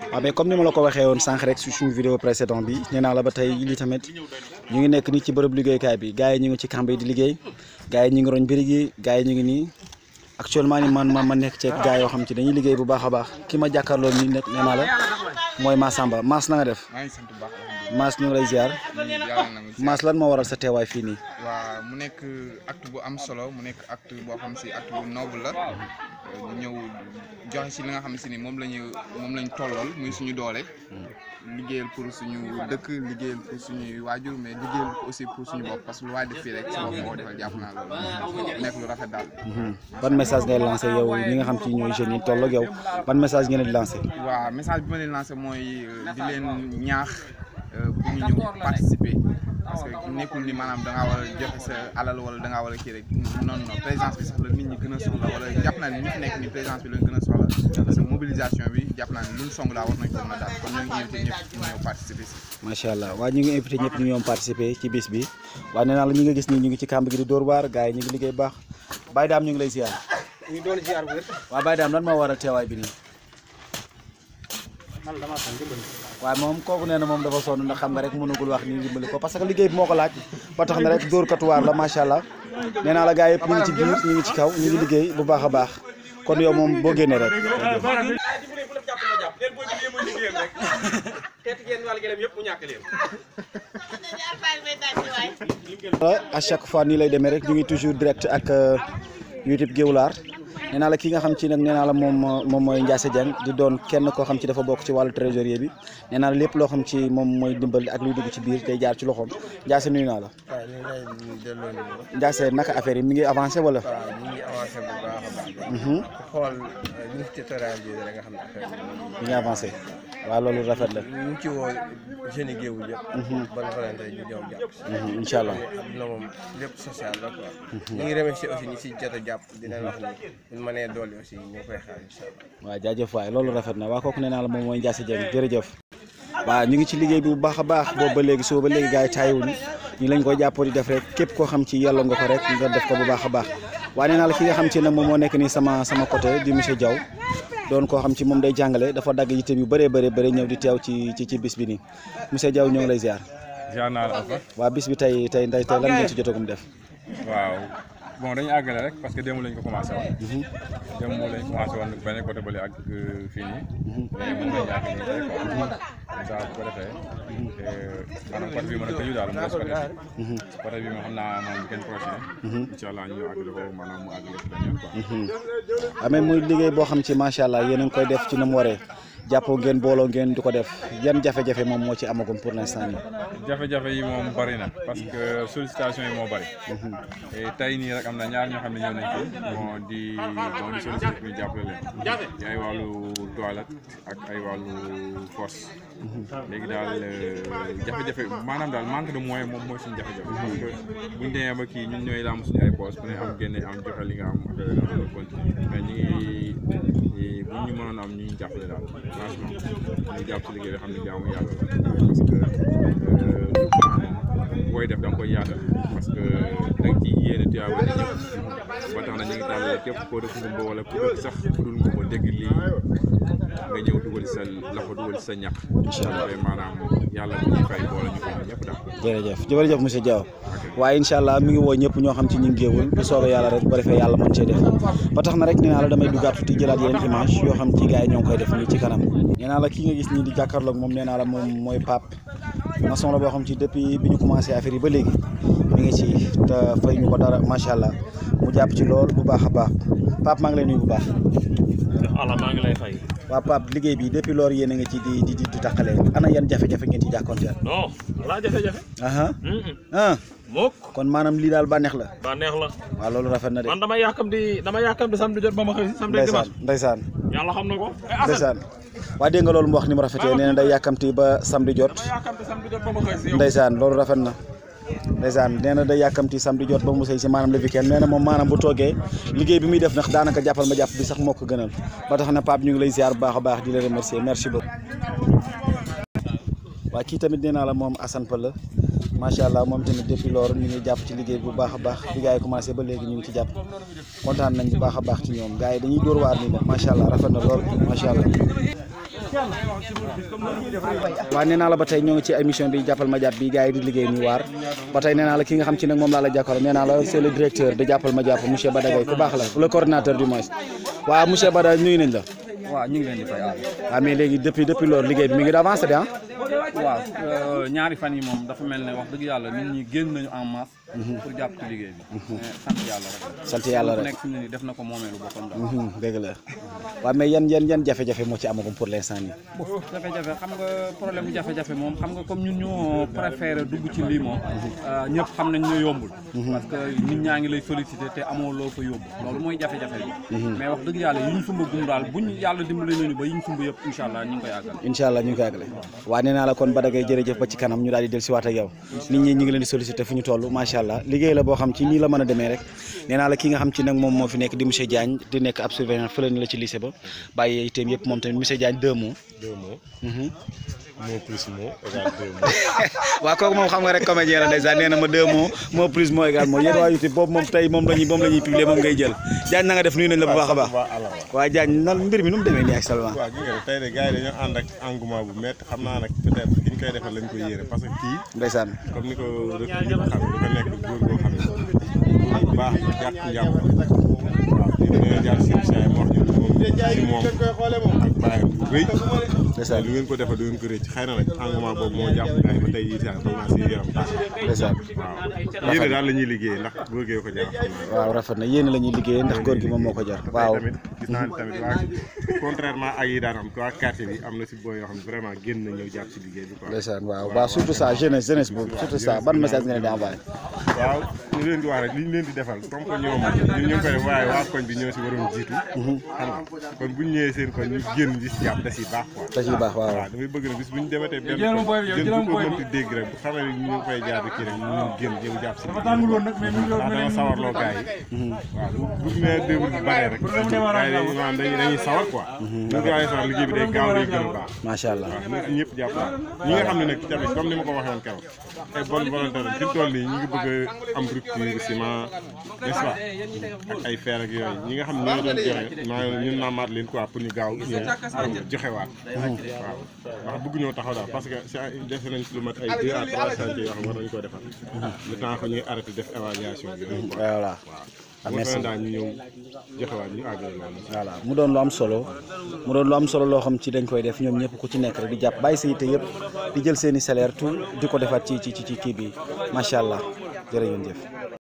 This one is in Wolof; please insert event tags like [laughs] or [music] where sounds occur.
waaw ah, mais comme ni ma la ko waxee woon san rek su suñu vidéo précédent bi nee naa la ba tey lii tamit ñu ngi nekk nii ci bërëb liggéeykaay bi gars yi ñu ngi ci kàmb yi di liggéey gars yi ñu ngi roñ bërig yi gars yi ñu ngi nii actuellement man ma ma nekk ceeg gars yoo xam ci dañuy liggéey bu baax a baax ki ma jàkkaarloo nii nekk nee naa la mooy Massamba Mass na nga def Mass ñu ngi lay ziar Mass lan moo waral sa teewaay fii nii waaw mu nekk acte bu am solo mu nekk acte boo xam si acte bu noble la ñëw joxe si li nga xam si ni moom la moom lañ tollool muy suñu doole. liggéeyal pour suñu dëkk liggéeyal pour suñuy waajur mais liggéeyal aussi pour suñu bopp parce que lu waay def fii rek si bopp moo defal jàpp naa loolu nekk lu rafet daal. Hmm. ban message ngay lancé yow ñi nga xam ci ñooy jeunes yi toll ak yow ban message ngeen di lancé. waaw message bi ma leen lancé mooy di leen ñaax. Euh, pour participer ah parce que nekkul ni maanaam da war a joxe sa alal wala da ngaa war a kii rek non non présence bi sax la nit ñi gën a soxla wala jàpp naa ne nekk ni présence bi lañ mobilisation bi jàpp naa ne luñ song laa war nañ ko a daal kon ñoo ngi macha allah waaye ñu ngi invité ñëpp ñu ñëw participer ci bis bi waaye nee naa la ñu nga gis nii ñu ngi ci kàmb gi di dóor waar gars yi ñu ngi liggéey baax Baye Dame ñu ngi lay ziar ñu doon ziar bu wér waaw Baye Dame lan moo waral teewaay bi nii man waaye moom kooku nee na moom dafa sonn ndax xam nga rek mënagul wax ni dimbali ko parce que liggéey bi moo ko laaj boo tax na rek dóor katuwaar la macha allah nee naa la gars yëpp ñu ngi ci kaw ñu ngi liggéey bu baax a baax kon yow moom boo génnee rek. [laughs] à chaque fois nii lay demee rek ñu ngi toujours direct ak euh, YouTube Gueoulart nee naa la ki nga xam ci nag nee naa la moom moom mooy Ndiassé Dieng di doon kenn koo xam ci dafa bokk ci wàllu trésorier bi nee naa la lépp loo xam ci moom mooy dimbal ak luy dugg ci biir day jaar ci loxoom Ndiassé nuyu naa la. waaw ñu ngi lay Ndiassé naka affaire yi mi ngi avancé wala. a mhm. xool ministère euh, terrain bi nga xam ne affaire bi. mi ngi loolu rafet la. ñu ngi ci woo jeunes yi géewu yëpp. Mhm. ba Valentin ñu ñëw jàpp. Mhm, incha allah loolu moom lépp si jot jàpp dinañ wax ne mënee dolli aussi waay loolu rafet na waa kooku nee naa la moom mooy Ndiassé Dieng jërëjëf waaw ñu ngi ci liggéey bi bu baax a baax boobu ba léegi soo ba léegi gars yi taayiwuñu ñu lañ ko jàppoo di def rek képp koo xam ci yàlla nga ko rek nga def ko bu baax a baax waaye nee naa la ki nga xam ci nag moom moo nekk nii sama sama côté di monsieur Diaw doon koo xam ci moom day jàngale dafa dagg yitteem yu bëree bëri bëri ñëw di teew ci ci ci bis bi nii monsieur Diaw ñoo ngi lay ziar. ziar naa waa bis bi tey tey tey lan ngeen ci jotagum def. waaw bon dañuy àggale rek parce que démb lañ ko commencé woon. Mhm. démb lañ commencé woon benn ak euh, fii mhm. mhm. ko defee. Euh, a tëju daal mu des côté bi. côté ko ah, boo xam ci macha allah yéen a koy def ci nu mu waree. jàppoo ngeen bolo ngeen duko def yan jafé jafé mom mo ci amagum pour l'instant ni jafé jafé yi mom bari na parce que sollicitation yi mo bari. Mhm. et tay ni rek amna ñaar ñoo xamni ñew nañ ko. mo di mo di sollicité ñu jàppale leen. ay walu toilette ak ay walu force. Mhm. légui dal euh, jafé jafé manam dal manque de moyens mom mooy suñu jafé jafé mhm. parce que buñ demee ba ki ñun ñooy laamu suñu ay poste ku ne am génne am joxé li nga am ak continuer mais ñi ñun ñu mënoon am ñu ñu jàppale daal franchement ñu jàpp si liggéey bi xam ne jaamu yàlla la booy def da nga koy yaatal parce que da nga ciy yéene Tiwaawan ni ba tax na ñu ngi tàllal képp koo dëkk ngumba wala ku dëkk sax ku dul ngumba dégg lii nga ñëw dugal sa loxo dugal sa ñax incha allah maanaam yàlla bu fay boole ñu koy ñëpp daal jërëjëf jërëjëf monsieur Diaw waaye incha mi ngi woo ñëpp xam ci ñu rek def ba tax na rek la damay image xam ci koy def ci kanam la ki nga gis di jàkkaarloog moom nee naa la moom maçon la boo xam ci depuis bi ñu commencé affaire yi ba léegi mi ngi ci te fay ñu ko dara macha allah mu jàpp ci lool bu baax a baax Pape maa ngi lay nuyu bu baax. ala maa ngi liggéey bi depuis lool yéen a ngi ci di di di tàqale ana yan jafe-jafe ngeen ci jàkkonteel. non laa jafe-jafe. mukk kon maanaam lii daal bànneex la bànneex loolu rafet na de man dama yàkkam di dama yàkkam di samedi jot ba ma xëy samedi dimanche ndeysaan yàlla xam na ko eh, ndeysaan waa dégg nga loolu mu wax ni mu rafetee nee na day yàkkamti ba samedi jot ndeysaan loolu rafet na ndeysaan nee na day yàkkamti samedi jot ba mu sëy si maanaam le weekend nee na moom maanaam bu toogee liggéey bi muy def ndax daanaka jàppal ma jàpp bi sax moo ko gënal ba tax na Pape ñu ngi lay ziar bu baax baax di la remercier merci beaucoup waaw kii tamit nee naa la moom Assane Palla macha allah moom tamit depuis loolu ñu ngi jàpp ci liggéey bu baax a baax bi gars yi commencé ba léegi ñu ngi ci jàpp kontaan nañ bu baax a baax ci ñoom gars yi dañuy dóor waar ni moom macha allah rafet na lool macha allah. waaw nee naa la ba tey ñoo ngi ci émission bi jàppal ma jàpp bi gars yi di liggéey ñu waar ba tey nee naa la ki nga xam ci nag moom laa la jàkkaarloo nee naa la c'est le directeur de jàppal ma jàpp monsieur Badagay ku baax la le coordinateur du la. waaw ñu ngi leen di fay waaw. Ah, mais léegi depuis depuis loolu liggéey bi mi ngi avancé de ah. waaw euh, ñaari fan yi moom dafa mel ne wax dëgg yàlla nit ñi génn nañu en masse. Mhm. pour jàpp ci liggéey bi. Mhm. sant yàlla rek. sant yàlla rek nekk fi mu ne nii def ko moomeelu boppam. Mhm, dëgg waaw mais yan yan yan jafe-jafe moo ci amagum pour l'instant nii. jafe-jafe xam nga moom xam nga comme ñun ñoo préféré dugg ci lii euh, ñëpp xam nañ ne yombul. Mhm. parce que mhm. ñu ñu sumb yëpp incha allah ñu ngi ñu ngi koy àggale la kon Bada Gaye jërëjëf ba ci kanam ñu daal di dellusiwaat ak yow. nit ñi ñu ngi leen di liggéey la boo xam ci nii la mën a demee rek nee la ki nga xam ci nag moom moo fi nekk di monsieur Diagne di nekk ab surveillant fële la ci lycée ba bàyyi yëpp moom tamit monsieur Diagne deux mots. deux mots. Mhm. mot plus moo égal deux mots. [laughs] waaw kooku moom xam nga rek na ma deux mots mot plus mot égal moom yéen waa moom tey moom la ñuy moom la ñuy ngay jël Diagne na def nuyu nañ la bu baax a baax. waaw Diagne nan mbir mi nu mu demee nii ak Salma. waaw gis de gars yi ànd ak engouement bu métti xam naa nag peut être ki ñu koy defal lañ koy yéere parce que kii. ndeysaan comme ko rëdd yi nga xam ne dafa nekk góor boo ci moom ak bàyyam bu rëy ndeysaan lu ngeen ko defee du ngeen ko rëcc xëy na nag engagement boobu moo jàpp gars yi tey yii daal xam naa si yaram baax ndeysaan waaw yéene daal la ñuy liggéeyee ndax ko jar waaw rafet na yéene la ñuy liggéeyee ndax góor gi moom moo ko jar waaw surtout ça jeunesse jeunesse boobu surtout ça ban si waroon jiitu mhm. xam nga si baax quoi bagage ah, yu bëgg nag bis bu ñu dematee benn jën bu ko mënti dégg rek bu xamee ñu ngi koy jaar kii rek ñu ngi génn ñëw jàpp si ndax ah, dama sawarloo yi a baax jàpp naa ñi nga xam ne nag tamit comme ni ma ko waxee woon keroog ay bonne volonté la fi toll nii ñu ngi bëgg a am rupture ciment n'est-ce pas ay fer ak yooyu ñi nga xam ne ñoo doon joxe maa ñun naamaat leen quoi pour ñu gaaw ñëw joxewaat mhm. waaw bëgg ñoo taxaw daal parce que dese nañ si lu mat ay deux à trois chantiers yoo xam war nañu ko defar le temps que ñuy arrêté def évaluation ah, ñu ñëw joxewaat ñu àggale loolu voilà mu doon lu am solo mu doon lu am solo loo xam ci dañ koy def ñoom ñëpp ku ci nekk rek di jàpp bàyyi sa yitte yëpp di jël seeni i salaire tout di ko defaat ci ci ci kii bi macha allah jërëjëf